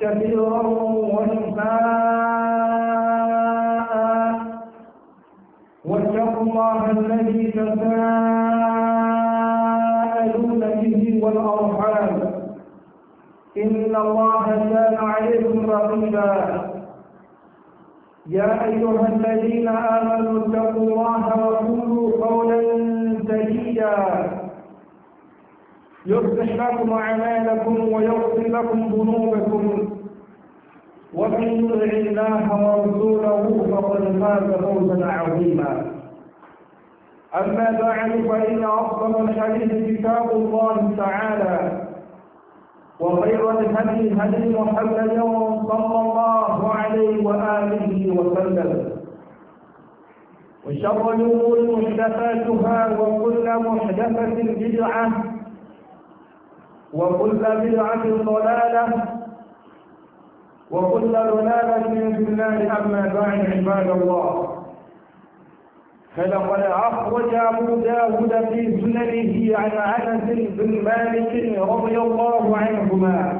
كبيرا ونساء واتقوا الله الذي تساءلون به والأرحام إن الله كان عليكم رقيبا يا أيها الذين آمنوا اتقوا الله وقولوا قولا سديدا يصلح لكم أعمالكم ويغفر لكم ذنوبكم ومن يطع الله ورسوله فقد فاز فوزا عظيما أما بعد فإن أفضل الحديث كتاب الله تعالى وخير الهدي هدي محمد صلى الله عليه وآله وسلم وشر الأمور محدثاتها وكل محدثة بدعة وكل بدعة ضلالة وكل ضلالة في الله أما بعد عباد الله فلقد أخرج أبو داود في سننه عن أنس بن مالك رضي الله عنهما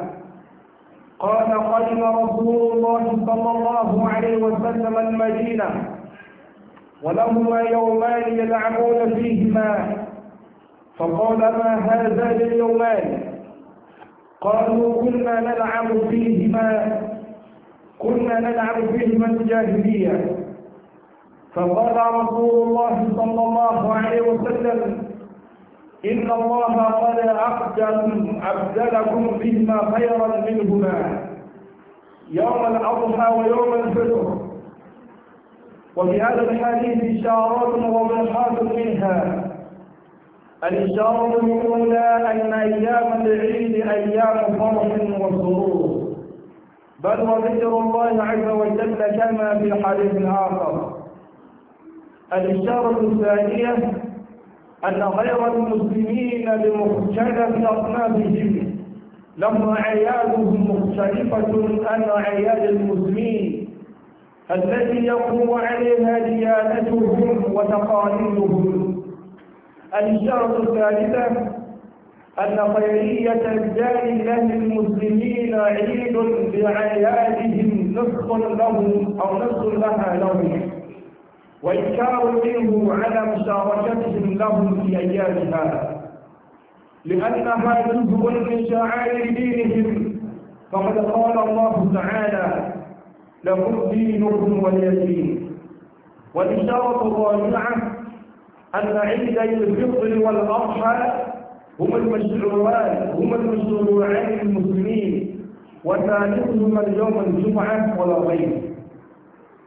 قال قدم رسول الله صلى الله عليه وسلم المدينة ولهما يومان يلعبون فيهما فقال ما هذا اليومان قالوا كنا نلعب فيهما كنا نلعب فيهما الجاهلية فقال رسول الله صلى الله عليه وسلم إن الله قد أبدل أبدلكم بهما خيرا منهما يوم الأضحى ويوم الفطر وفي هذا الحديث إشارات ومنحات منها الإشارة الأولى أن أيام العيد أيام فرح وسرور بل وذكر الله عز وجل كما في حديث آخر الإشارة الثانية أن غير المسلمين بمختلف أصنافهم لما أعيادهم مختلفة عن أعياد المسلمين التي يقوم عليها ديانتهم وتقاليدهم الشرط الثالثة أن خيرية الجاهلة المسلمين عيد بعيادهم نصف لهم أو نصف لها لهم وإنكار منه على مشاركتهم لهم في أيامها لأنها جزء من شعائر دينهم فقد قال الله تعالى لكم دينكم واليتيم والإشارة الرابعة أن عيد الفطر والأضحى هما المشروعان هما المشروعان للمسلمين وثالثهما اليوم الجمعة ولا غير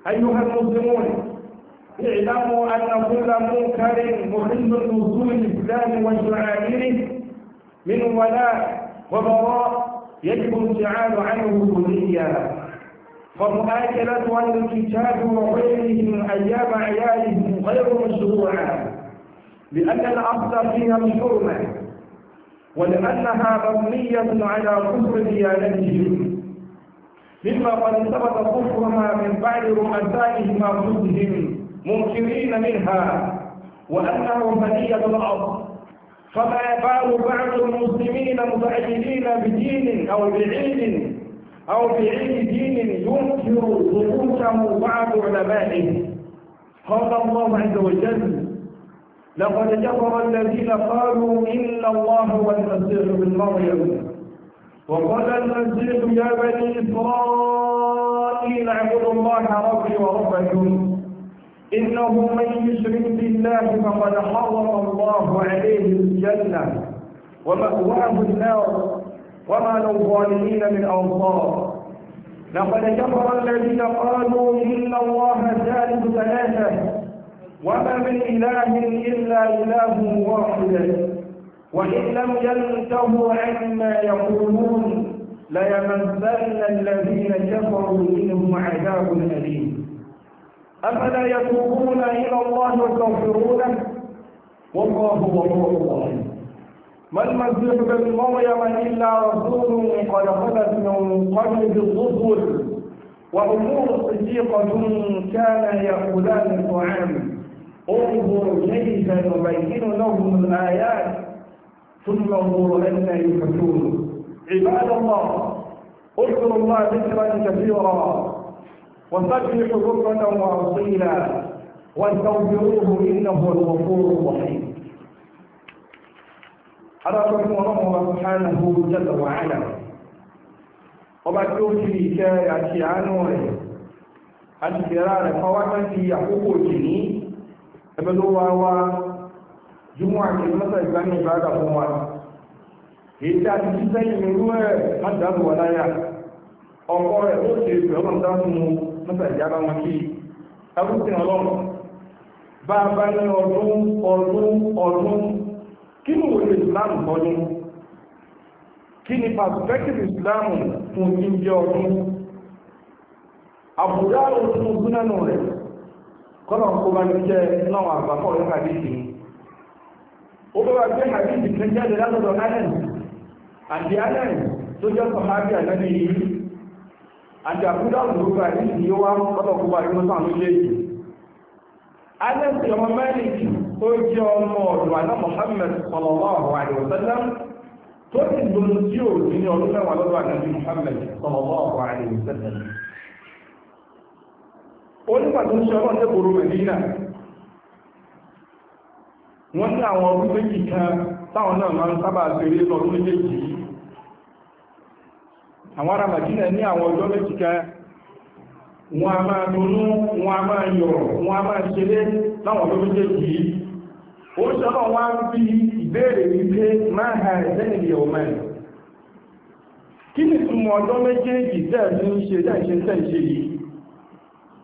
أيها المسلمون اعلموا أن كل منكر مخل لأصول الإسلام وشعائره من ولاء وبراء يجب الابتعاد عنه كليا فمؤاكلة أهل الكتاب من أيام عياله غير مشروعات لأن الأصل فيها الحرمة ولأنها مبنية على كفر ديانتهم مما قد ثبت كفرها من بعد رؤسائهم ضدهم منكرين منها وأنها بنية الأرض فما يبال بعض المسلمين متأيدين بدين أو بعيد أو بعيد دين ينكر ثبوته بعض علمائه قال الله عز وجل لقد كفر الذين قالوا إن الله والمسيح بن مريم وقال المسيح يا بني إسرائيل اعبدوا الله ربي وربكم إنه من يشرك بالله فقد حرم الله عليه الجنة ومأواه النار وما للظالمين من أنصار لقد كفر الذين قالوا إن الله ثالث ثلاثة وما من إله إلا إله واحد وإن لم ينتهوا عما يقولون ليمثلن الذين كفروا منهم عذاب أليم أفلا يتوبون إلى الله ويستغفرونه والله غفور رحيم ما المسيح بن مريم إلا رسول قد خلت من قلب الظهر وأمور صديقة كان يأكلان الطعام انظر كيف نبين لهم الآيات ثم انظر أن يفتون عباد الله اذكروا الله ذكرا كثيرا وسبحوا بكرة وأصيلا واستغفروه إنه هو الغفور الرحيم أراكم الله سبحانه جل وعلا ọba tí ó àti àánú rẹ̀ àti ìrà rẹ̀ fọwọ́kàn ti àkókò jì ní ẹgbẹ́ ló wá wá jùmọ̀ àti ìmọ́sẹ̀ ìgbàní ìbáradà fún wa èyí tí a ti ti sẹ́yìn irú ẹ̀ má dáàbò wà láyà ọkọ rẹ̀ ó ṣe ìfẹ́ ọmọ ìdá fún un mọ́sẹ̀ ìjábá wọn kí ẹkùnkùn ọlọ́run bá a bá ní ọdún ọdún ọdún kí ni òwe Islam kọjú kí ni perspective Islam fún ìjẹ́ ọdún àbúrò àwọn òṣùnà rẹ̀ kọ́nà kó bá ní jẹ́ náwọn àgbàpọ̀ ní hadithi ó bá gbé hadithi kan jáde látọ̀dọ̀ allen àti allen tó jẹ́ sọ̀hábí àlẹ́bí yìí àti àkúdà òdòdó hadithi yóò wá kọ́nà kó bá ní mọ́tò àwọn méjèèjì allen ti ọmọ mẹ́rin ó jẹ́ ọmọ ọ̀dọ̀ àná Muhammad sallallahu alaihi wasallam tó ti gbọ́n onígbà tó ń ṣe wọ́n ní àwọn ọdún méjì kan táwọn náà máa ń sábà ṣeré lọ́dún méjèèjì àwọn ará mẹ̀dínà ní àwọn ọjọ́ méjì kan wọ́n a máa dunú wọ́n a máa yọ̀rọ̀ wọ́n a máa ṣeré láwọn ọjọ́ méjèèjì ó ṣe wá ń bí ìbéèrè wípé máa ha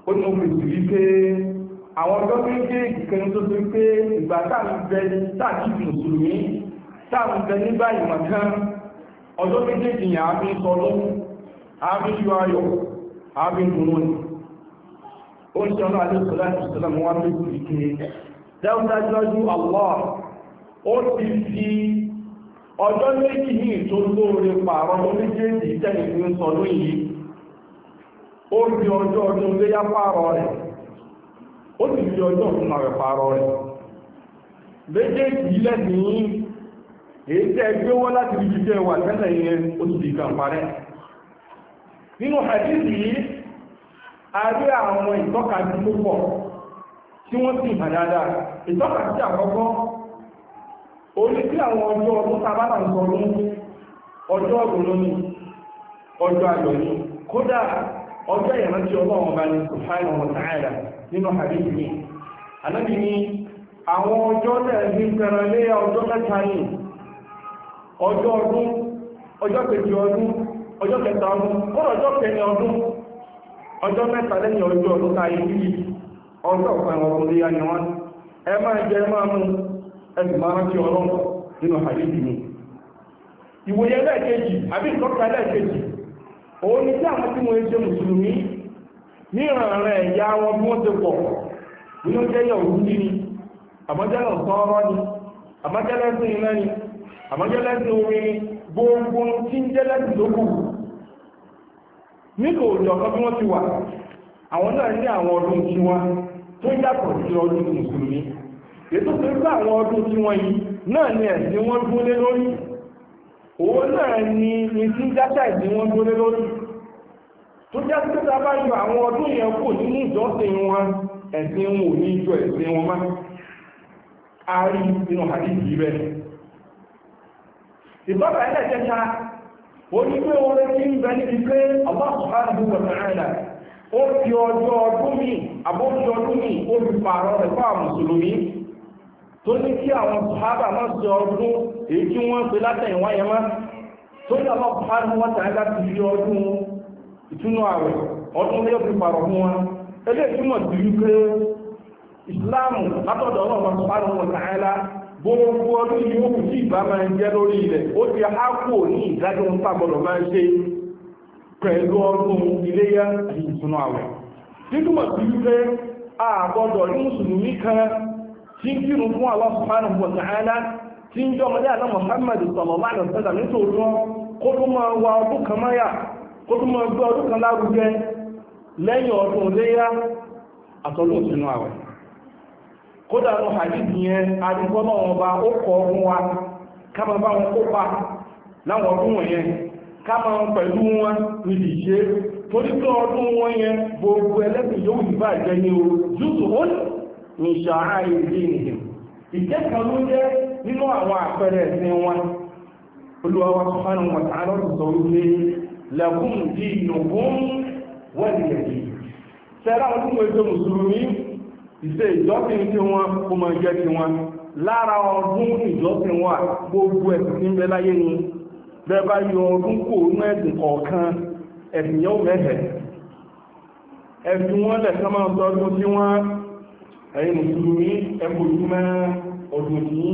ó tún fi sí wípé àwọn ọjọ́ kéékèèké kan tó fi pé ìgbà táwọn bẹ mùsùlùmí táwọn bẹ nígbà ìmọ̀ ọjọ́ kéékèèké yẹn àbí sọ lọ́wọ́ àbí yọ ayọ̀ àbí dùnú ó ń sọ náà alẹ́sọ̀ láti sọ́lá ike ó fi ọjọ́ ọdún léyá pààrọ̀ rẹ̀ ó sì fi ọjọ́ ọdún rẹ̀ pààrọ̀ rẹ̀ méjèèjì lẹ́sìn èyí tẹ́ gbé wọ́n láti wà tẹ́lẹ̀ yẹn ó sì di parẹ́ nínú hadith yìí rí àwọn ìtọ́ka tí ó pọ̀ tí wọ́n sì hàn dáadáa ìtọ́ka sí àkọ́kọ́ orí tí àwọn ọjọ́ ọdún sábàbà ń sọ ọjọ́ ọjọ́ ọjọ́ ìrántí ọlọ́run ọba ní subhanahu wa ta'ala nínú hadith ni anábì ní àwọn ọjọ́ náà ní fẹ́ràn lé ọjọ́ mẹ́ta ní ọjọ́ ọdún ọjọ́ kejì ọdún ọjọ́ kẹta ọdún kọ́rọ̀ ọjọ́ kẹni ọdún ọjọ́ mẹ́ta lẹ́yìn ọjọ́ ọdún táyé yìí ọjọ́ ọ̀pẹ́ ọdún léyà ni wọ́n ẹ máa jẹ ìwòye lẹ́ẹ̀kejì àbí ìtọ́ka lẹ́ẹ̀kejì òun ni tí àwọn tí wọ́n ṣe mùsùlùmí ní ìrànrẹ̀ ẹ̀yà wọn bí wọ́n ti pọ̀ òun ní ni àmọ́jẹ́lẹ̀ ọ̀sọ́rọ́ ni àmọ́jẹ́lẹ́sìn iná ni àmọ́jẹ́lẹ́sìn omi ni gbogbo tí ń jẹ́lẹ́sìn tó kù ní kò jọ ọ̀kan bí wọ́n ti wà àwọn náà ní àwọn ọdún tí wọ́n tó yàtọ̀ sí ọdún mùsùlùmí ètò pé àwọn ọdún òun náà ni ìdí jáṣà ìdí wọn gbólé lórí tó jẹ́ sí pẹ́ta bá yọ àwọn ọdún yẹn kù nínú ìjọsìn wọn ẹ̀sìn wọn ò ní ìjọ ẹ̀sìn wọn má a rí inú àdíjì rẹ̀ ìbọ́bà ilẹ̀ jẹta ó ní pé orin tí ń bẹ níbi pé èyí tí wọ́n pè látẹ̀yìn wáyé má tó ní àwọn ọ̀pọ̀lọpọ̀ wọn tàí láti fi ọdún ìtúnú ààrẹ ọdún lé òfin pàrọ̀ fún wọn ẹgbẹ́ ìtumọ̀ sí wípé ìsìláàmù látọ̀dọ̀ ọlọ́pàá wọn tàí lá gbogbo ọdún yóò kù sí ìbá jẹ́ lórí ilẹ̀ ó ti hákò ní ìdájọ́ ń pàgbọ́dọ̀ máa ń ṣe pẹ̀lú ọdún àti ìtúnú sí wípé ní mùsùlùmí tí ń jọ ọmọdé àná Muhammad sallallahu alaihi wasallam nítòótọ́ kó tó máa wa ọdún kan máyà kó tó máa gbé ọdún kan lárugẹ lẹ́yìn ọdún léyá àtọ́lù sínú àwẹ̀ kódà lọ hadithi yẹn adigun náà wọn bá ó kọ ọdún wa ká máa bá wọn kópa láwọn ọdún wọn yẹn ká máa wọn o ó ní ìdí ìjẹ́ kan ló nínú àwọn àpẹẹrẹ ẹ̀sìn wọn Olúwa wa subhanahu wa ta'ala sọ wípé lakum dinukum waliya din sẹ́rà wọn tún ètò mùsùlùmí ìṣe ìjọsìn tí wọn kó máa jẹ́ ti wọn lára ọdún ìjọsìn wọn gbogbo ẹ̀sìn tí ń bẹ láyé ni bẹ́ẹ̀ bá yọ ọdún kò ní ẹ̀sìn kọ̀ọ̀kan ẹ̀sìn yóò mẹ́hẹ̀ ẹ̀sìn wọn lẹ̀sán máa sọ ọdún tí wọn ẹ̀yìn mùsùlùmí ẹ̀kọ́ ìlú ọdún yìí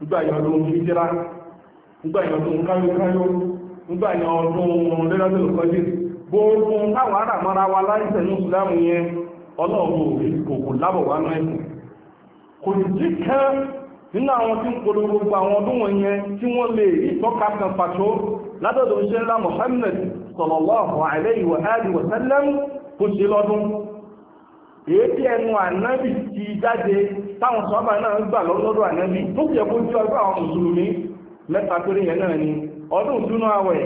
nígbà yẹn ọdún fíjẹ́rá nígbà yẹn ọdún káyókáyó nígbà yẹn ọdún lẹ́lọ́dún kọjú gbogbo táwọn àràmọ́ra wa láìsẹ̀ ní ìsìlámù yẹn ọlọ́ọ̀gbò kòkò lábọ̀ wá náà ẹ̀sìn kò sì sí kẹ́ nínú àwọn tí ń polówó gbogbo àwọn ọdún wọn yẹn tí wọ́n lè ìtọ́ka kan pàtó látọ̀dọ̀ ìṣẹ́lá Muhammad sallallahu alaihi wa alihi wa sallam kò sí lọ́dún èédí ẹnu ànábì ti jáde táwọn sọ́bà náà gbà lọ́dọ̀ ànábì tó kẹ́ bó jẹ́ ọgbà àwọn mùsùlùmí mẹ́ta péré yẹn náà ni ọdún túnú àwẹ̀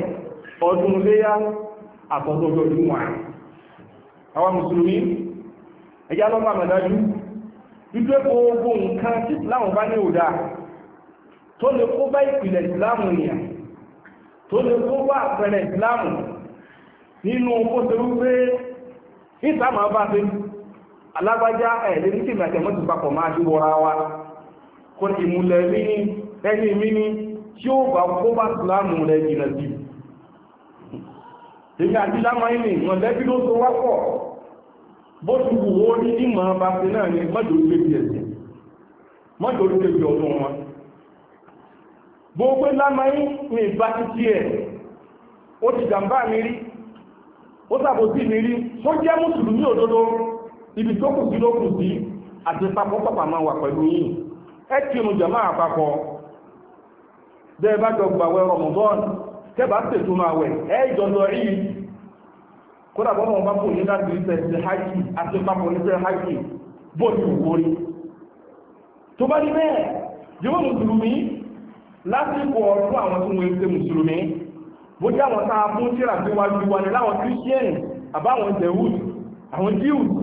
ọdún léyá àtọ́tọ́ ọdún wà àwọn mùsùlùmí ẹjá lọ́gbà mẹ́dájú gbogbo nǹkan tí ìsìláàmù bá ní òdà tó lè kó bá ìpìlẹ̀ ìsìláàmù nìyà tó lè kó bá àpẹẹrẹ alágbájá ẹ̀lẹ́ ní tí ìmẹ̀tẹ̀mọ́ ti papọ̀ máa jí wọra wa kò ìmúlẹ̀ rí ní ẹni mi ní tí ó bá kó bá sùlámù rẹ̀ jìnà sí èmi àti lámáìnì mọ̀lẹ́bí ló so wápọ̀ bó ti wù ó ní ìmọ̀ bá ṣe náà ni mọ́jọ́ orí kejì ẹ̀sìn mọ́jọ́ orí kejì ọdún wọn gbogbo lámáìnì bá ti tiẹ̀ ó sàbòsí mi rí tó jẹ́ mùsùlùmí òdodo ibi tó kù sí ló kù sí àti papọ̀ pàpà máa wà pẹ̀lú yìí ẹ kí irun jàmá àpapọ̀ bẹ́ ẹ bá jọ gbàwẹ̀ Ramadan kẹbà ṣètò máa wẹ̀ ẹ ìjọdọ̀ yìí kódà bọ́mọ̀ bá kù ní láti ṣe ṣe hajj àti papọ̀ ní ṣe hajj bó ti wù kórí tó bá ní bẹ́ẹ̀ yóò mùsùlùmí lásìkò ọdún àwọn tí wọ́n ṣe mùsùlùmí bó jẹ́ àwọn tá a fún síra tí wájú wa ní láwọn christian àbáwọn jẹ̀wùd àwọn jews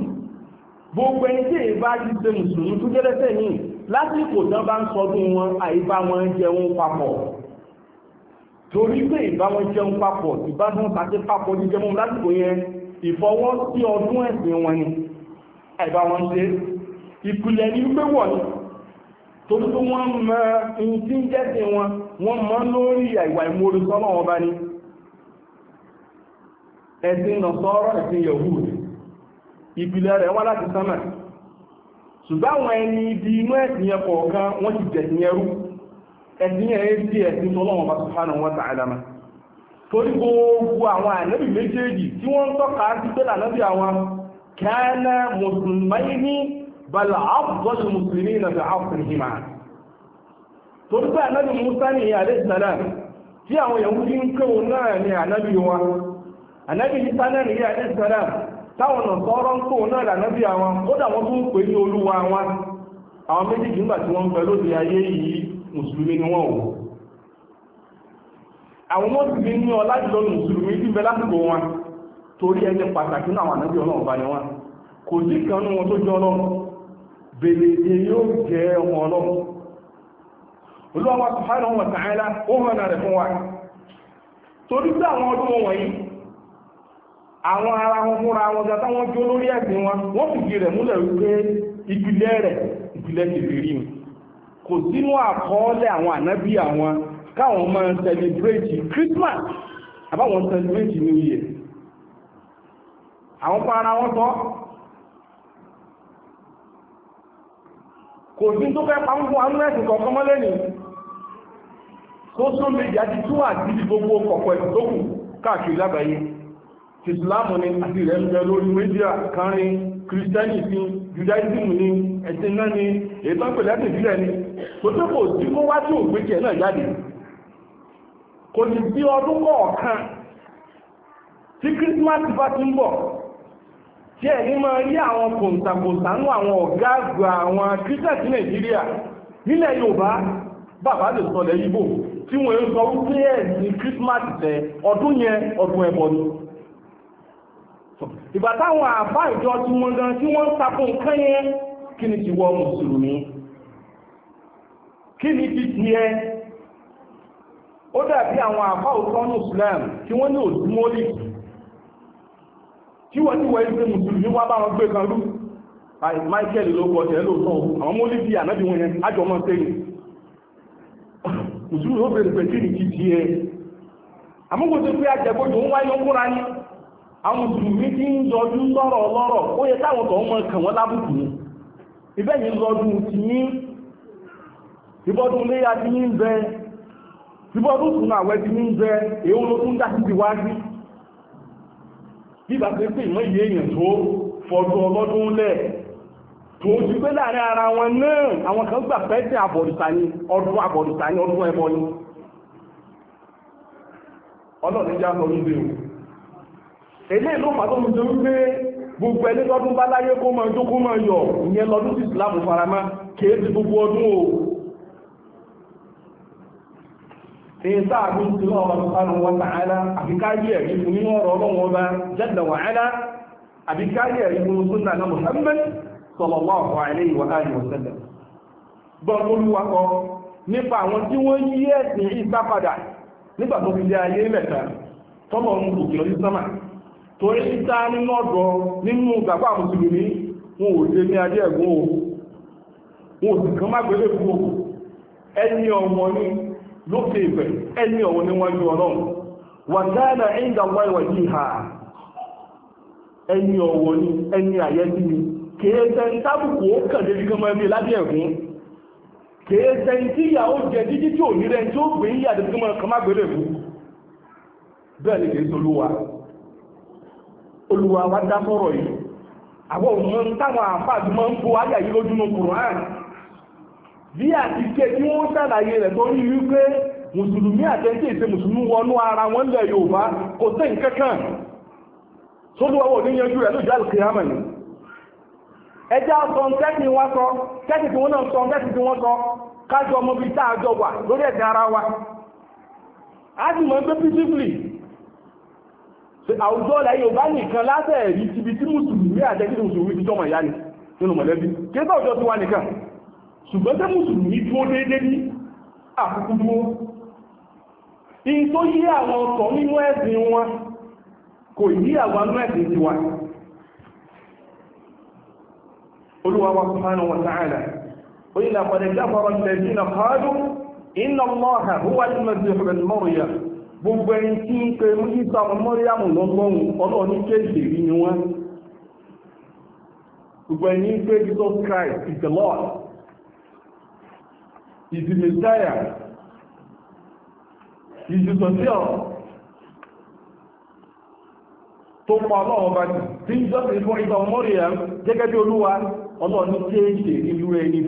gbogbo ẹni tí èyí bá ti ṣe mùsùlùmí tó jẹ́ lẹ́sẹ̀ ní lásìkò tán bá ń sọdún wọn àyíbá wọn jẹun papọ̀ torí pé ìbá wọn jẹun papọ̀ ìbá wọn pàṣẹ papọ̀ ní jẹun lásìkò yẹn ìfọwọ́ sí ọdún ẹ̀sìn wọn ni àyíbá wọn ṣe ìpìlẹ̀ ní pé wọ̀ ni torí pé wọ́n mọ ohun tí ń jẹ́sìn wọn wọ́n mọ lórí àìwà ìmoore sọ́nà wọn bá ní ẹ̀sìn nọ̀sọ́rọ̀ ẹ̀sìn yahoo ìpìlẹ̀ rẹ̀ wá láti sánmà ṣùgbọ́n àwọn ẹni ibi inú ẹ̀sìn kọ̀ọ̀kan wọ́n ti jẹ̀sìn yẹn rú ẹ̀sìn tọ́lọ́wọ́n bá subhanahu wa ta'ala torí gbogbo àwọn ànábì méjèèjì tí wọ́n ń tọ́ka sí pé lànábì àwọn kana mùsùlùmáì ní bala na musa táwọn ọ̀nà sọ́rọ́ ń pòun náà lànàbí àwọn ó dà pè ní olúwa wọn àwọn méjìdì nígbà tí wọ́n ń ayé yìí mùsùlùmí ni wọ́n wò àwọn mọ́sùlùmí ní ọlá jùlọ mùsùlùmí tí bẹ wọn torí ẹni pàtàkì náà àwọn ọlọ́run wọn kò sí kan nínú wọn tó yóò jẹ ọmọ àwọn ara wọn múra wọn jata wọn jó lórí ẹ̀sìn wọn wọ́n sì rẹ̀ múlẹ̀ wípé ìpìlẹ̀ rẹ̀ ìpìlẹ̀ kèfèrí ni kò sínú àkọọ́lẹ̀ àwọn ànábì àwọn káwọn Christmas àbáwọn New Year àwọn para wọn tọ́ kò sí tó fẹ́ pa gbogbo kọ̀kọ̀ ẹ̀sìn tó kù ìsìláàmù ni àti rẹ̀ ń bẹ lórí media kárin kìrìsìtẹ́nì sí judaism ni ẹ̀sìn náà ni ètò ìpìlẹ̀ ìbílẹ̀ ni tó tó kò sí kó wá tí ò gbé tiẹ̀ náà jáde kò ní bí ọdún kọ̀ọ̀kan tí Christmas bá ti ń bọ̀ tí ẹ̀ ní máa rí àwọn kòǹtàkòǹtà àwọn ọ̀gá àgbà àwọn kìrìsìtẹ́nì Nàìjíríà nílẹ̀ Yorùbá bàbá lè sọlẹ̀ Ìgbò tí wọ́n ń sọ wípé ẹ̀ ní Christmas tẹ ọdún yẹn ọdún ẹ̀bọ ni ìgbà táwọn àbá ìjọ tí wọ́n gan tí wọ́n ń tapo nǹkan yẹn kí ni ti wọ mùsùlùmí kí ni ti ti ẹ ó dàbí àwọn àbá òtọ́ ní Islam tí wọ́n ní òdúmọ́lì tí wọ́n ti wọ ẹgbẹ́ mùsùlùmí wá bá wọn gbé kan rú Michael ló kọ tẹ̀ lóòótọ́ àwọn mọ́lì bí ànábì wọn yẹn ájọ mọ́ sẹ́yìn mùsùlùmí ó bèrè pẹ̀lú kí ni ti ti ẹ àmúgbòtò pé ajẹ́gbòtò ń wáyé ń kúra ní àwọn mùsùlùmí tí ń yọjú lọ́rọ̀ lọ́rọ̀ ó yẹ táwọn tó mọ́ kàn wọ́n lábùkù ní ibẹ́ yìí lọ́dún ti ní ìbọ́dún léyà ti bẹ ìbọ́dún tún àwẹ́ ti bẹ èyí ló tún ti wájú bíbà pé pé ìmọ̀ èèyàn tó ọlọ́dún lẹ̀ tó ti láàrin ara wọn náà àwọn kan ọdún ọdún ẹbọ ni ọlọ́run já sọ lóde èlé ìlú pàtó mi ń gbé gbogbo ẹni tọdún bá láyé kó tó kó yọ ìyẹn lọdún sí farama kìí ti gbogbo ọdún o èyí sáàbí ti lọ ọmọ sùpánù wọn nípa àwọn tí wọ́n yí ẹ̀sìn ìsápadà fi lé ayé mẹ́ta tọ́mọ̀ torí títà nínú ọ̀dọ̀ nínú gbàgbà mùsùlùmí wọn ò lè ní adé ẹ̀gbọ́n o wọn ò sì kán má fún ẹni ọmọ ní lókè ẹni ọ̀wọ́ níwájú wà ẹni ìwà ha ẹni ọ̀wọ̀ ẹni àyẹ́sí ni tábùkù ó tí ìyàwó jẹ jíjí tí ò ní olúwa wá dá fọ́rọ̀ yìí àwọn òun táwọn àfáàdù máa ń kó ayà yìí lójúmọ́ bí àti ké tí wọ́n sàlàyé rẹ̀ tó rí wípé mùsùlùmí àtẹ́ntì ìṣe mùsùlùmí wọnú ara wọn lẹ̀ Yorùbá kò sí nǹkankan tó lọ́wọ́ oníyanjú rẹ̀ lójú àlùkìyàmọ̀ ni ẹjá sọ tẹ́kì wọn sọ tẹ́kì tí wọ́n náà sọ tẹ́kì tí wọ́n sọ kájọ ọmọ bíi táàjọ wà lórí ẹ̀sìn ara wa a sì mọ̀ àwùjọ ọ̀là yóò bá nìkan látẹ̀ rí ibi tí mùsùlùmí àjẹ́kí mùsùlùmí ti jọmọ̀ ìyá ni nínú mọ̀lẹ́bí kéta ọjọ́ ti wá nìkan ṣùgbọ́n tẹ́ mùsùlùmí dúó déédé ní àkókò dúó in tó yí àwọn ọ̀tọ̀ nínú ẹ̀sìn wọn kò yí àwọn ẹ̀sìn ti wá olúwa wa subhanahu wa ta'ala gbogbo ẹni tí ń pe mújísà mọ́ríàmù ọnụ ọlọ́ọ̀ní kéèsì rí ni wọ́n gbogbo ẹni ń pe Jesus is the Lord is the Messiah is the Savior tó pa ọlọ́run tí ń fún ìgbà gẹ́gẹ́ bí olúwa ọlọ́ọ̀ní ẹni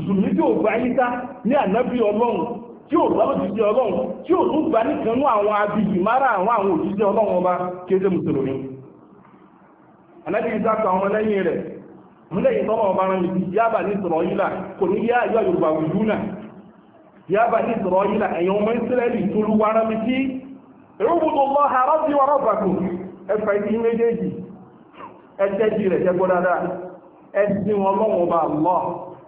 mùsùlùmí tí ò gba yíta ní ànábì ọlọ́run tí ò gbá òjìṣẹ́ ọlọ́run tí ò tún gbá nìkan ní àwọn abiyì mara àwọn àwọn òjìṣẹ́ ọlọ́run ọba kéde mùsùlùmí ànábì yíta kan ọmọ lẹ́yìn rẹ̀ múlẹ̀yìn tọ́lọ̀ ọba rán mi sí yába ní sọ̀rọ̀ yìí là kò ní yá ayọ́ yorùbá wùdú náà yába ní sọ̀rọ̀ yìí là ọmọ tó lu mi lọ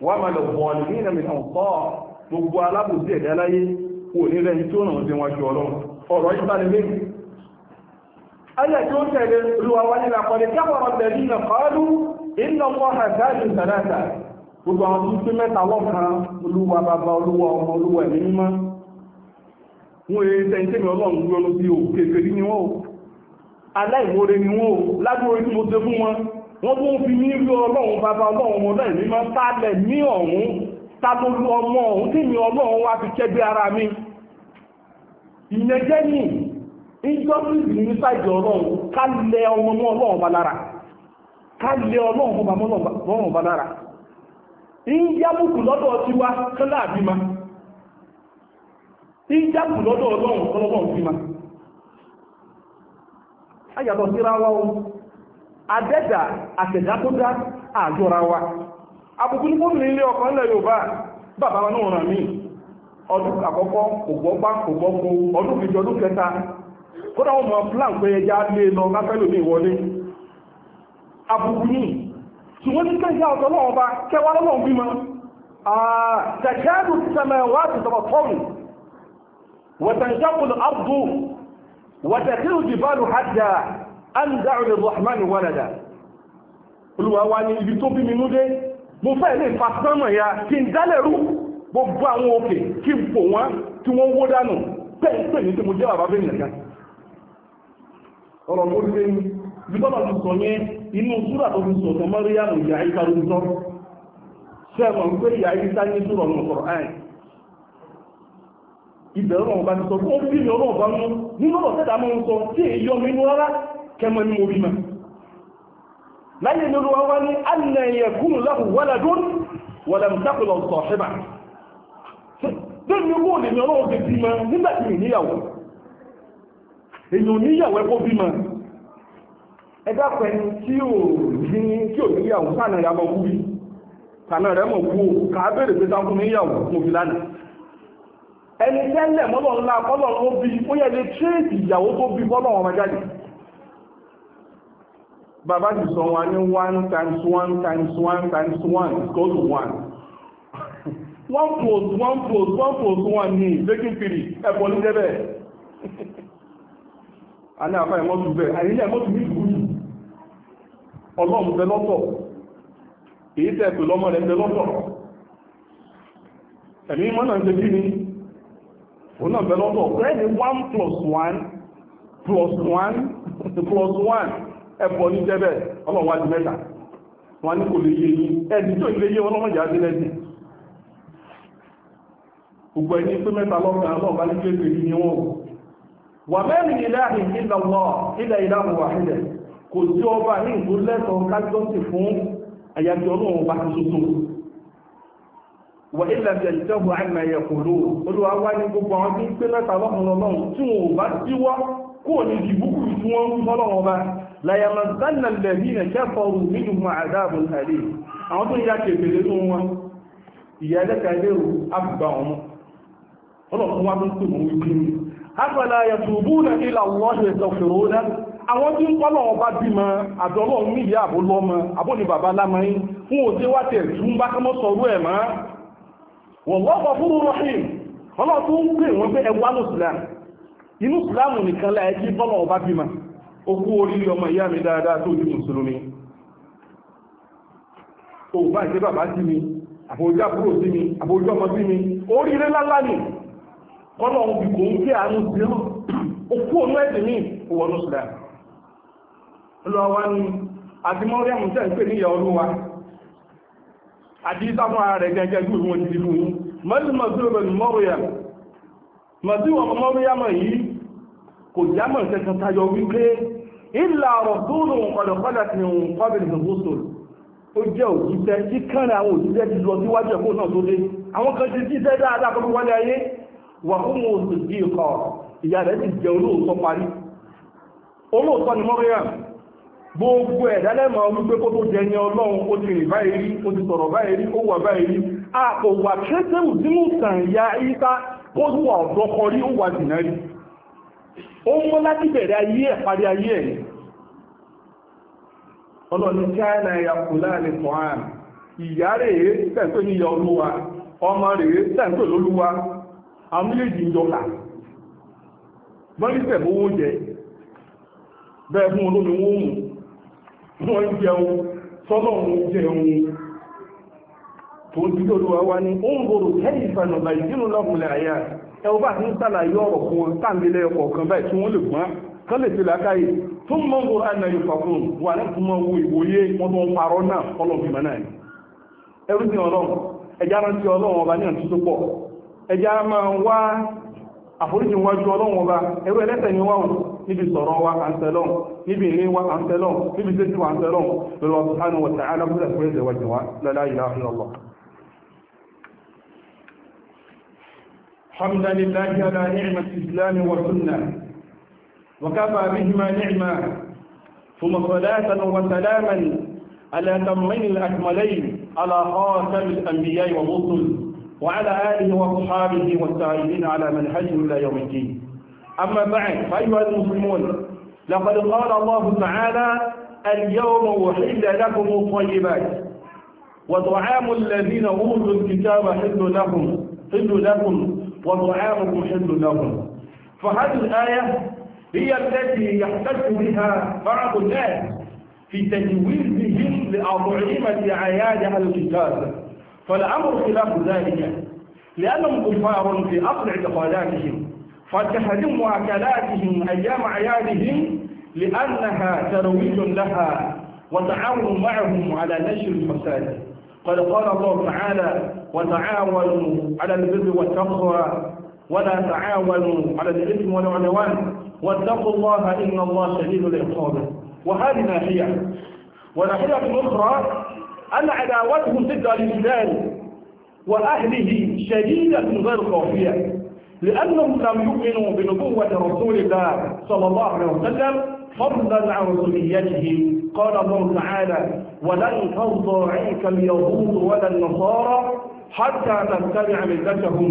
wà máa lọ bọ̀ ní ìrìnàmì àwùkọ́ gbogbo alábòsí ẹ̀dá láyé kò ní rẹ̀ tí ó nà sí wọn jù ọ̀rọ̀ ọ̀rọ̀ yìí bá ní méjì ayẹ̀ tí ó tẹ̀lé olúwa wá nílà pọ̀lẹ̀ kẹ́kọ̀ọ́ tẹ̀lé nà kọ́ọ́lù iná wọ́ àgáàlì sàdáàtà gbogbo àwọn tó tún mẹ́ta wọ́n kan olúwa bàbá olúwa ọmọ olúwa ẹ̀mí mímọ́ wọn èyí tẹ́yìn tẹ́mi ọlọ́run gbọ́nú sí òkèkèrè ni wọ́n aláìmọ́re ni wọ́n lágbóore tí mo ṣe fún wọn wọ́n tó ń fi ní ọlọ́run bàbá ọlọ́run ọmọ náà ní máa tálẹ̀ ní ọ̀hún tálólú ọmọ ọ̀hún tí mi ọlọ́run wá fi ara mi ìyẹn ní injustice ní ọlọ́run ká lẹ ọmọ ọlọ́run lára adẹ́dà àtẹ̀dákúdá àjọra wa abùkú ní gómìnà ilé ọkọ̀ ilẹ̀ Yorùbá bàbá wọn náà ràn mí ọdún àkọ́kọ́ ògbọ́gbá ògbọ́gbó ọdún kejì ọdún kẹta kódà wọn mọ̀ plan pé ẹja lé lọ láfẹ́lò ní ìwọlé abùkú ní ṣùgbọ́n ní kẹjá ọ̀tọ̀ náà bá kẹwàá lọ́wọ́ bímọ tẹ̀kẹ́rù sẹmẹ̀wàá ti tọ̀bọ̀ tọ́rù wọ̀tẹ̀ńṣẹ́kùn àbdù wọ̀tẹ̀kẹ́rù jìbálù hajjá an dáhùn rahman wàlàdà olùwà ni ibi tó bí mi mo fẹ́ lè fa ya kí n gbogbo àwọn òkè kí n pò wọ́n tí wọ́n wó dànù pẹ́ẹ̀pẹ́ ní tí mo jẹ́ bàbá bẹ́ẹ̀ nìkan ọ̀rọ̀ mo ṣe ní ibi tọ́lọ̀ ti sọ yẹn inú súrà tó fi sọ̀tọ̀ ìyá ìta ló ń sọ pé ìyá ìta ní súrà ọ̀nà kẹmọ ní mo bí ma láyé nínú wọn ní anà yẹkùn lọ́pù wọ́lẹ̀dún wọ́lẹ̀mùsákùlọ̀ sọ̀ṣẹ́bà lẹ́nu kó lè ní ọlọ́wọ́ ti bí ma nígbàtí ìníyàwó èyàn níyàwó ẹkọ́ bí ma ẹgbẹ́ pẹ̀lú tí ò ní tí ò níyàwó sáà náà yàmọ̀ wúrí kàná rẹ̀ mọ̀ wú kàábèrè ìyàwó tó bí bọ́lọ̀ ọmọ jáde bàbá ti sọ wa ní one times one times one times one is equal one one plus one plus one plus one ní ìgbékin pìrì ẹ̀pọ̀ ní jẹ́ bẹ́ẹ̀ a ní àfáà ẹ̀mọ́tù bẹ́ẹ̀ àyílẹ̀ ẹ̀mọ́tù ní ìgbúrú ọlọ́run bẹ lọ́tọ̀ èyí tẹ́ pè lọ́mọ rẹ̀ bẹ lọ́tọ̀ ẹ̀mí mọ́nà ń ṣe kí ni òun náà bẹ lọ́tọ̀ pẹ́ẹ́ni one plus one plus one plus one ẹ̀bọ̀ ní jẹ́bẹ̀ ọlọ́wà di mẹ́ta wọn ní kò lè yé yí ẹni tó lè yé wọn lọ́mọ ìyá gbogbo ẹni pé mẹ́ta lọ́kàn ọlọ́ọ̀bá ní ní ni wọn wà mẹ́rin ilẹ̀ kò ní tí láyàmọ̀sánà lẹ̀bí na kẹfọrù nínú àdábùn àrí àwọn tó yá kèfèrè tó wọn ìyàlẹ́ka lérò àgbà ọmọ ọlọ́pùn wọn tó tó wọn wípé ní afẹ́lá yàtùbú na ilà wọ́ṣẹ̀ sọ̀fẹ̀rọ̀ rẹ̀ àwọn tí ń kọ́lọ̀ ọba bímọ àdọ́lọ́ nílé àbólọ́mọ àbóni bàbá lámọ́yìn fún òṣè wá tẹ̀ tún bá kọ́mọ́ sọ̀rọ̀ ẹ̀ mọ́ wọ́n lọ́kọ̀ fúrú ọlọ́tún ń pè wọ́n pé ẹwà lùsùlám inú sùlámù nìkan láyé tí bọ́lọ̀ ọba bímọ okú oriri ọmọ ìyá mi dáadáa tó di mùsùlùmí o bá ìṣẹ́ bàbá sí mi àbójá búrò sí mi àbójá ọmọ sí mi oríire lálá ni kọ́lọ̀ ń bìkò ń kí àánú sí ọ́ okú ònú ẹ̀sìn mi ò wọnú sílẹ̀ lọ wá ní yìí kò jámọ̀ ìṣẹ́kan tayọ wípé ìlà rọ̀dúnù ọ̀dọ̀kọ́dà ti ń kọ́bìnì ìgbòsò ó jẹ́ òjíṣẹ́ tí kánra àwọn òjíṣẹ́ ti lọ síwájú ẹ̀kọ́ náà tó dé àwọn kan ti jíṣẹ́ dáadáa kọ́ wọlé ayé wà fún mo sì di ikọ̀ ìyá rẹ̀ ti jẹ olóòótọ́ parí olóòótọ́ ni mọ́ríyàn gbogbo ẹ̀dá lẹ́mọ̀ wípé kó tó jẹ ní ọlọ́run ó ti rìn báyìí rí ó ti sọ̀rọ̀ báyìí rí ó wà báyìí rí àpò wà kẹ́sẹ̀wù tí mo sàn ya ìta ó mọ́ láti bẹ̀rẹ̀ ayé ẹ̀ parí ayé ẹ̀ ọlọ́ni china yakula ní kọ́án ìyá rèé tẹ̀sọ́ níyà olúwa ọmọ rèé tẹ̀sọ́ lólúwa amúlèjì ìjọba wọ́n ní jẹ bẹ́ẹ̀ fún olómi jẹun sọ́nà òun jẹun tó ń wá ní gbòrò ìdínú lọ́kùnlẹ̀ àyà rẹ̀ ẹwọ́ bá ti ń sàlàyé ọ̀rọ̀ fún wọn táàmìlẹ̀ ọkọ̀ kan báyìí tí wọ́n lè gbọ́n kán lè ti làákàyè tó mọ́ wo àna ìfàkùn wà láti mọ́ wo ìwòye wọn tó ń parọ́ náà ọlọ́ọ̀fìmọ̀ náà ni ẹrú ti ọlọ́run ẹjá rántí ọlọ́run ọba ní àti tó pọ̀ ẹjá máa wá àforíjì wájú ọlọ́run ọba ẹrú ẹlẹ́sẹ̀ ni wọ́n níbi sọ̀rọ̀ wa àǹtẹ̀lọ́n níbi ìní wa àǹtẹ̀lọ́n níbi tẹ́sí wa àǹtẹ̀lọ́n lọ́wọ́ subhanahu wa ta'ala fún ẹ̀kọ́ ẹ̀sẹ̀ wájú wa la ilaha حمدا لله على نعمة الإسلام والسنة وكفى بهما نعمة ثم صلاة وسلاما على تمين الأكملين على خاتم الأنبياء والرسل وعلى آله وصحابه والسائلين على منهجهم إلى يوم الدين أما بعد فأيها المسلمون لقد قال الله تعالى اليوم أحل لكم الطيبات وطعام الذين أوتوا الكتاب حل لكم حل لكم وطعام محل لهم فهذه الآية هي التي يحتج بها بعض الناس في تجويزهم لأطعمة عيال أهل الكتاب فالأمر خلاف ذلك لأنهم كفار في أصل اعتقاداتهم فتحرموا أكلاتهم أيام عيالهم لأنها ترويج لها وتعاون معهم على نشر الفساد قد قال الله تعالى وتعاونوا على البر والتقوى ولا تعاونوا على الإثم والعدوان واتقوا الله إن الله شديد العقاب وهذه ناحية وناحية أخرى أن عداوتهم ضد الإسلام وأهله شديدة غير خافية لأنهم لم يؤمنوا بنبوة رسول الله صلى الله عليه وسلم فضلا عن رسوليته قال الله تعالى ولن ترضى عنك اليهود ولا النصارى حتى تتبع ملتهم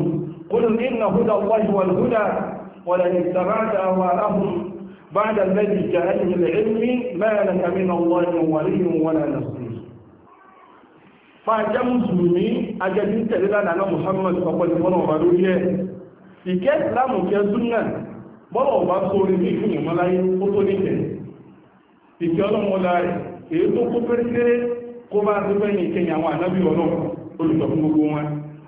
قل إن هدى الله والهدى ولئن اتبعت أهواءهم بعد الذي جاءهم العلم ما لك من الله ولي ولا نصير fàájá mùsùlùmí ajẹ́jú tẹ̀lé lánàá Muhammad ọpọlọ ìfọ́nà ọba lórí ẹ̀ ìkẹ́ ìsìlámù kẹ́ súnà bọ́lọ̀ ọba sórí ní ìfún ìmọ́láyé ó tó nìkẹ́ ìkẹ́ ọlọ́mọlá rẹ̀ èyí tó kó pérékéré kó bá ti fẹ́ ní ìkẹyìn àwọn ànábì ọlọ́run olùsọ fún gbogbo wọn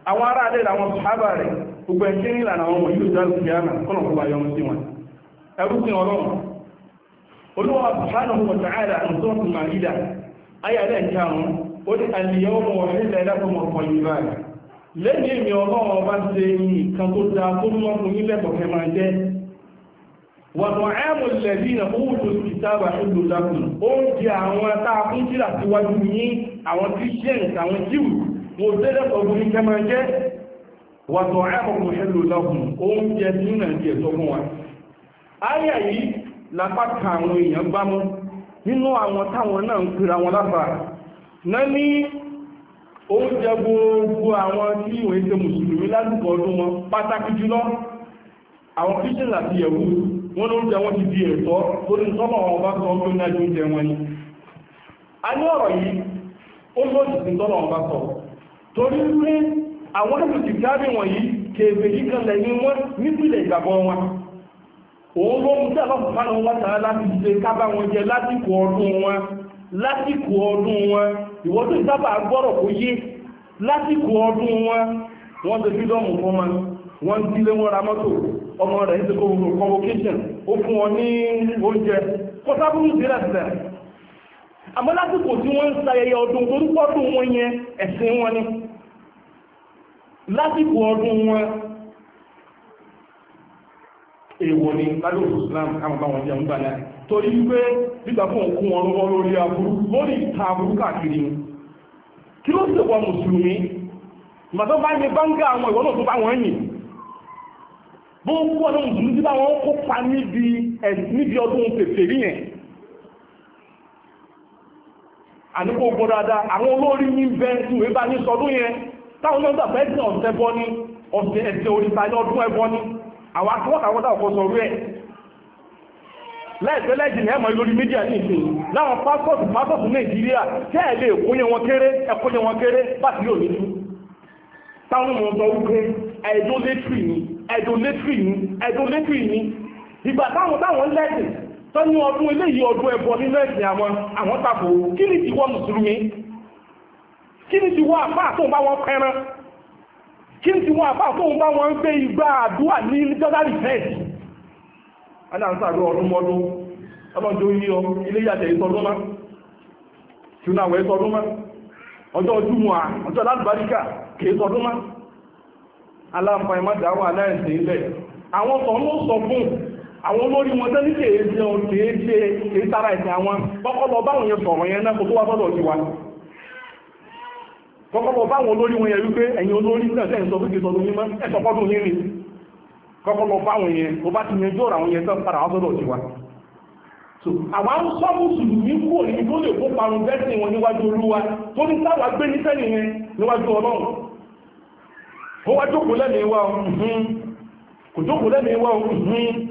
àwọn ará alẹ́ làwọn sàhábà rẹ̀ gbogbo ẹ̀ṣẹ́ nílànà àwọn wọ̀nyí òjò alùpùpù kọ́nà kó bá yọ sí wọn ẹrú sí ọlọ́run olúwa sàhánà wọn sàhánà àwọn tó ń fi máa yídà ayé alẹ́ ń ká wọn ó ní àlìyàwó mọ̀ wọ́n nílẹ̀ ẹ̀dàkùn mọ̀ wọ̀nà ẹ̀mù lẹ̀bí na oòrùn ìtàbà ìlú lákùn ó ń jẹ àwọn táa fún jíra síwájú yí àwọn christians àwọn jews mọ̀tẹ́lẹ̀ ọgbùn kẹma jẹ́ wàtọ̀ ẹ̀mọ̀kùn ẹlò lọ́kùn oúnjẹ tí ó nàìjí ẹ̀tọ́ fún wa ayà yìí lápákà àwọn èèyàn bá mú nínú àwọn táwọn náà ń pèrà wọn lábà na ní oúnjẹ gbogbo àwọn tí ìwọ̀n ẹsẹ̀ mùsùlùmí lásìkò ọdún wọn pàtàkì jùlọ àwọn christian àti yẹ̀wù wọn lóúnjẹ wọn ti di ẹ̀tọ́ tó ní sọ́nà ọba sọ pé ó náà oúnjẹ wọn ni a ní ọ̀rọ̀ yìí ó lóòjì sí tọ́nà ọba sọ̀rọ̀ torí pé àwọn ẹ̀sùn kìtàbí wọ̀nyí kèèbè yí kan lẹ́yìn wọn nípìnlẹ̀ ìgbàgbọ́ wọn òun ló mú tẹ́lọ̀ fúnfánà wọn tàà láti ṣe kábà wọn jẹ lásìkò ọdún wọn lásìkò ọdún wọn ìwọ́dún ìsábà gbọ́rọ̀ kó yé lásìkò ọdún wọn wọ́n ti fi lọ́mù fún ma wọ́n ń dílé wọn ra mọ́tò ọmọ rẹ̀ ń ṣe kó convocation ó fún wọn ní oúnjẹ kọ́sábùrù sílẹ̀ sílẹ̀ àmọ́ lásìkò tí wọ́n ń sayẹyẹ ọdún torúkọ ọdún wọn yẹn ẹ̀sìn wọn ni lásìkò ọdún wọn èèwọ̀ ni lábẹ́ Islam káwọn bá wọn jẹun gbà náà torí wípé nígbà fún òkú wọn lọ́wọ́ lórí aburú lórí ìta aburú káàkiri ni kí ló ṣèwọ mùsùlùmí màtọ́ bá yẹ báńgá àwọn ìwọ náà tó bá wọn yìn bó ń kú ọdún mùsùlùmí tí bá wọn kópa níbi ọdún pèsè rí àníkò ogun dáadáa àwọn olórí ní bẹ́ ìwé bá ní sọdún yẹn táwọn lọ́gbà fẹ́ tí ọ̀sẹ̀ bọ́ ní ọ̀sẹ̀ ẹ̀sẹ̀ oríta ní ọdún ẹbọ ní àwọn akọ́kàwọ́dà ọkọ̀ sọ̀rọ̀ ẹ̀ lẹ́ẹ̀fẹ́ lẹ́jìn ẹ̀mọ̀ lórí mídíà ní ìsìn láwọn pásọ̀tù pásọ̀tù nàìjíríà tẹ́ ẹ̀ lè kóyẹ wọn kéré ẹkóyẹ wọn kéré báti yóò nínú táwọn ọmọ ọ̀dọ́ wípé ẹ̀dọ́ létírì ní ẹ̀dọ́ létírì ní ẹ̀dọ́ létírì ní ìgbà táwọn táwọn lẹ́sìn tọ́ni ọdún eléyìí ọdún ẹbọ nínú ẹ̀sìn àwọn àwọn tàbò kí ni ti wọ́ mùsùlùmí kí ni ti wọ́ àpá àtòun bá wọn pẹran kí ni ti wọ́ àpá àtòun bá wọn gbé igbá àdúrà ní jọ́dárì fẹ́ẹ̀sì aláǹsàrò ọdún mọ́dún ọlọ́jọ́ yíyọ ilé yàtẹ̀ ìtọ́dún má tí ó náwẹ̀ ìtọ́dún má ọjọ́ ojúmọ̀ ọjọ́ alábàríkà kìí tọ́dún má aláǹfà ìmọ́dáwà aláìsẹ̀ ilẹ̀ àwọn sọ mọ́ sọ fún àwọn olórí wọn tẹ́lí kèé jẹ ohun kèé jẹ kèé sára ẹ̀sìn àwọn kọ́kọ́ lọ báwọn yẹn sọ̀rọ̀ yẹn náà kò tó wá sọ́dọ̀ sí wa kọ́kọ́ lọ báwọn olórí wọn yẹn wípé ẹ̀yin olórí náà tẹ́ ìsọ fíkì sọdún mímọ́ ẹ̀sọ̀kọ́dún yẹn ni kọ́kọ́ báwọn yẹn tó bá ti yẹn jọ́ra àwọn yẹn tán padà wá ọ̀hún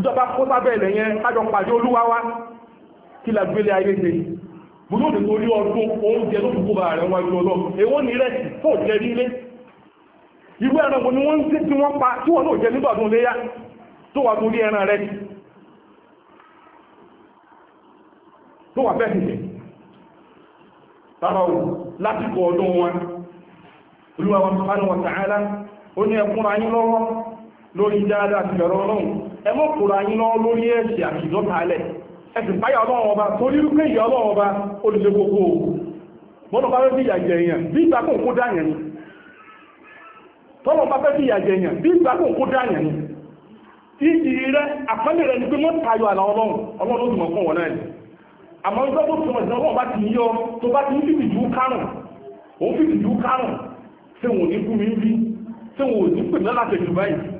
ìjọba kó sábẹ̀lẹ̀ yẹn kájọ pàdé olúwa wá kí la gbélé ayé ṣe gbogbo nítorí ọdún oúnjẹ ló fi kóbá rẹ̀ wájú ọlọ́ èwo ní rẹ̀sì fò jẹ́ nílé irú ẹranko ni wọ́n ń tí tí wọ́n pa tí wọ́n náà jẹ nígbà tó léyá tó wà torí ẹran rẹ̀ tó wà bẹ́ẹ̀ sílẹ̀ tàbáwò lásìkò ọdún wọn olúwa wọn sọ́nà wọn tààlà ó ní ẹkùnrin ayé lọ́wọ́ lórí dáadáa ti bẹ̀rọ ọlọ́run ẹmọ́ kòrò ayín lọ lórí ẹ̀ṣẹ̀ àti ìjọ́tàálẹ̀ ẹ̀sìn páyà ọlọ́run ọba tó lírúkẹ́ ìyà ọlọ́run ọba olùsẹ́ gbogbo bọ́nà bá fẹ́ sí ìyàjẹ̀ èèyàn bí ìgbàkùn kó dáyàn ni tọ́lọ̀ bá fẹ́ sí ìyàjẹ̀ èèyàn bí ìgbàkùn kó dáyàn ni ìdí rẹ àpẹẹlẹ rẹ ni pé mọ́ tayọ àlà ọlọ́run ọlọ́run ó sì mọ̀ fún wọn náà ni àmọ́ ìgbà tó sọmọ ìsinmi ọlọ́run bá ti yọ tó bá ti ń fìdí ju kárùn òun fìdí ju kárùn tí wọn ò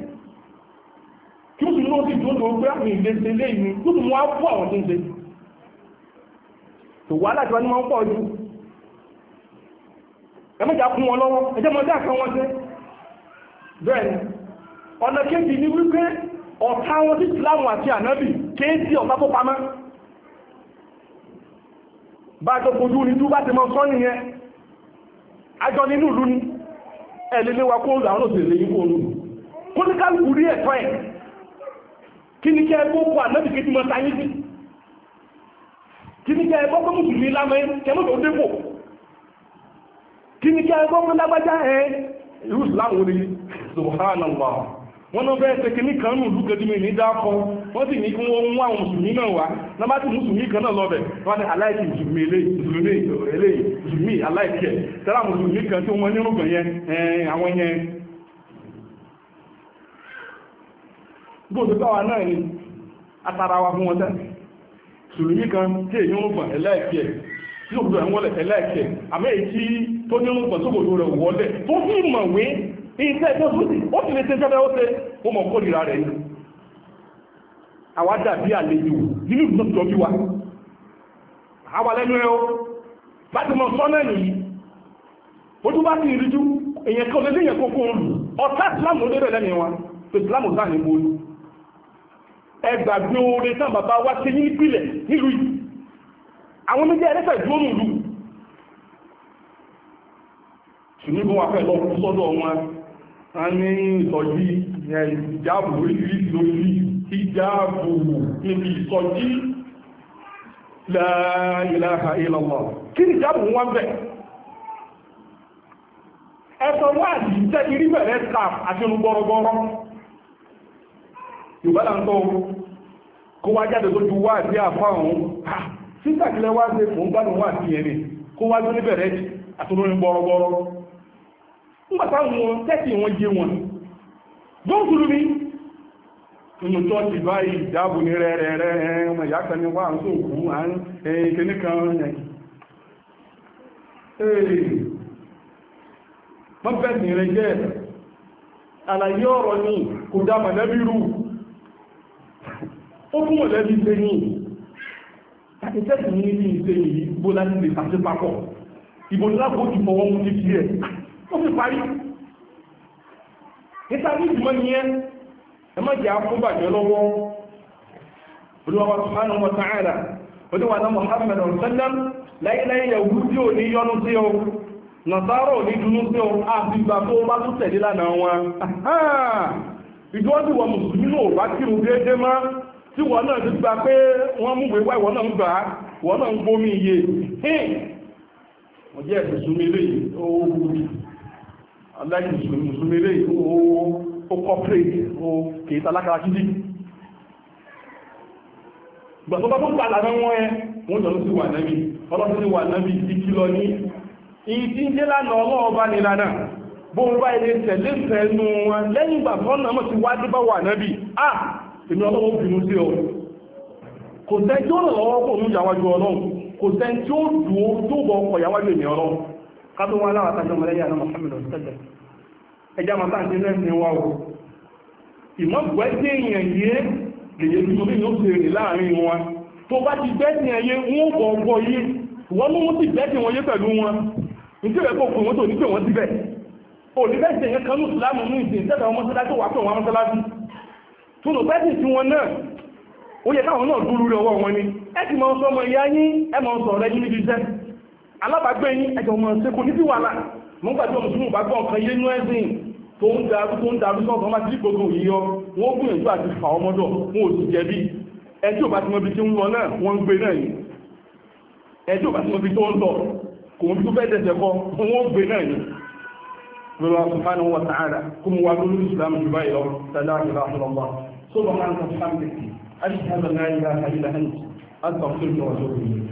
inú ti dùn tó gbé àmì ìgbésẹ̀ lé ìlú tó tún wá fún àwọn tó ń ṣe tó wá láti wá ní wọ́n pọ̀ jù ẹmẹ́jà kún wọn lọ́wọ́ ẹjẹ́ mọ́ dá kan wọ́n ṣe bẹ́ẹ̀ ni ọ̀nà kéjì ní wípé ọ̀tá wọn sí Islam àti ànábì kéèsì ọ̀tá tó pamọ́ bá tó kojú ní tú bá ti mọ́ sọ́ nìyẹn ẹ̀tọ́ ẹ̀ kí ní kẹ́ ẹgbó kọ ànábì kejì mọ́ sáyé sí kí ní kẹ́ ẹgbó pé mùsùlùmí lámọ́ ẹ kẹmọ́ tó dépò kí ní kẹ́ ẹgbó pé lágbájá ẹ irú ìsìláàmù rí subhanallah wọ́n lọ bẹ́ẹ̀ tẹ́kì ní kan nùlú gẹ̀dùmí ní dákọ wọ́n sì ní kí wọ́n mú àwọn mùsùlùmí náà wá lábá tí mùsùlùmí kan náà lọ́bẹ̀ bóòdó tọ́wà náà ni atara wa fún wọn tẹ́ sùlùmí kan tí èyí ń pọ̀ ẹlẹ́ẹ̀kẹ́ tí ó gbọ́dọ̀ wọlé ẹlẹ́ẹ̀kẹ́ àmọ́ èyí tó ní ń pọ̀ tó rẹ̀ wọlé tó fi mọ̀ iṣẹ́ tó sùn ó sì lè ṣe ṣẹ́fẹ́ ó ṣe ó mọ̀ kórìíra rẹ̀ ni àwa dàbí àlejò nínú ìlú tó bí wa àwa lẹ́nu ẹ̀ o bá ti mọ sọ́nà nìyí ojú bá ti ríjú èèyàn kan lé léèyàn kókó ọ̀tá ìsìlámù ó lérò lẹ́nu wa ìsìlámù sáà ní gbóòlù ẹgbàgbé oore tán bàbá wá sí ní ìpìlẹ̀ nílùú yìí àwọn méjì ẹlẹ́fẹ̀ dúró nìlú ṣùgbọ́n wà fẹ́ lọ fún sọ́dọ̀ wọn a ní ìsọjí ìjáàbù oríṣiríṣi lórí ìjáàbù níbi ìsọjí la ilaha illallah kí ni ìjáàbù wọn bẹ̀ ẹ̀sọ̀ wáàdì jẹ́ irí bẹ̀rẹ̀ staff àti olùgbọ́rọ̀gbọ́rọ̀ yorùbá là ń kọ́ kó wá jáde tó ju wá àti àfá ọ̀hún sísà wá fún gbádùn wá àti ẹ̀rìn kó wá tó níbẹ̀rẹ̀ ní rẹ̀rẹ̀rẹ̀ ọmọ wá ń sóòkú àárín ẹ̀yìn kìnníkan yẹn wọ́n rẹ̀ jẹ́ àlàyé ó fún mọ̀lẹ́bí ṣe ní ìtẹ́sì ní ilé ìṣe yìí bó láti lè pàṣẹ papọ̀ ìbò lábò ti fọwọ́ mú ti tiẹ̀ ó sì parí níta ní ìdìmọ́ ni ẹ ẹ má jẹ́ àkóbàjẹ́ lọ́wọ́ olùwàwà sùhánù wa ta'ala oníwà náà Muhammad sallam láyéláyé yẹ̀wú tí ò ní yọnu sí o nàtàrọ̀ ní dunú sí o àti ìgbà tó bá tún tẹ̀lé lánàá wọn ìjọ́sìwọ̀ mùsùlùmí náà bá kírun déédéé máa tí wọ́n náà ti gba pé wọ́n mú wíwá ìwọ́n náà ń gbà wọ́n náà ń gbómi iye wọ́n jẹ́ ìsúnmílé ooo aláìsúnmílé ooo ó kọ́pẹ́rẹ́ ooo kìí tálákàrà kídí gbàtọ́bá tó padà rán wọ́n ẹ wọ́n jọ sí wà náàbí ọlọ́sí sí wà náàbí ìkìlọ̀ ní ìdí jẹ́ lánà ọlọ́ọ̀bá ah èmi ọlọ́wọ́ bínú sí ọ kò sẹ́ tí ó lọ lọ́wọ́ pọ̀ ní ìyàwájú ọlọ́run kò sẹ́ tí ó dùn ó tó bọ̀ ọkọ̀ ìyàwájú èmi ọlọ́run kátó wọn aláwà tàbí ọmọ lẹ́yìn àlọ́mọ sàmìlọ sẹ́lẹ̀ ẹjá máa tàbí lẹ́sìn wa o ìmọ̀ gbẹ́sẹ̀ èèyàn yé lèyẹ tuntun bí yóò ṣe rè láàrin wọn tó bá ti gbẹ́sìn ẹyẹ wọn bọ̀ ọgbọ yé wọn mú wọn sì gbẹ́sìn wọn yé pẹ̀lú wọn nítorí ẹ̀kọ́ òkú wọn tó ní pé wọ́n ti bẹ̀ òní bẹ́sẹ̀ yẹn kanú ìsìlámù ní ìsìn wọn mọ́sálásí tó lò pẹ́sì sí wọn náà ó yẹ káwọn náà dúró rí ọwọ́ wọn ni ẹ ti máa sọ ọmọ ìyá yín ẹ máa sọ ọ̀rẹ́ yín níbi iṣẹ́ alábàágbé yín ẹjọ mọ̀ ṣe kò ní sí wàhálà mọ́ gbàjọ́ mùsùlùmí bá gbọ́ nǹkan ilé inú ẹ̀sìn tó ń darú tó ń darú sọ́kàn máa ti gbogbo yíyọ wọ́n gbìyànjú àti fà ọmọdọ̀ wọn ò sì jẹ̀bi ẹjọ́ bá ti mọ ibi tí ń lọ náà wọ́n ń gbé náà yìí ẹjọ́ bá wa ta'ala kó mu wá lórí ìsìlámù jù báyìí lọ sàlá subhanaka wa bihamdika ashhadu an la ilaha illa anta astaghfiruka wa atubu ilayk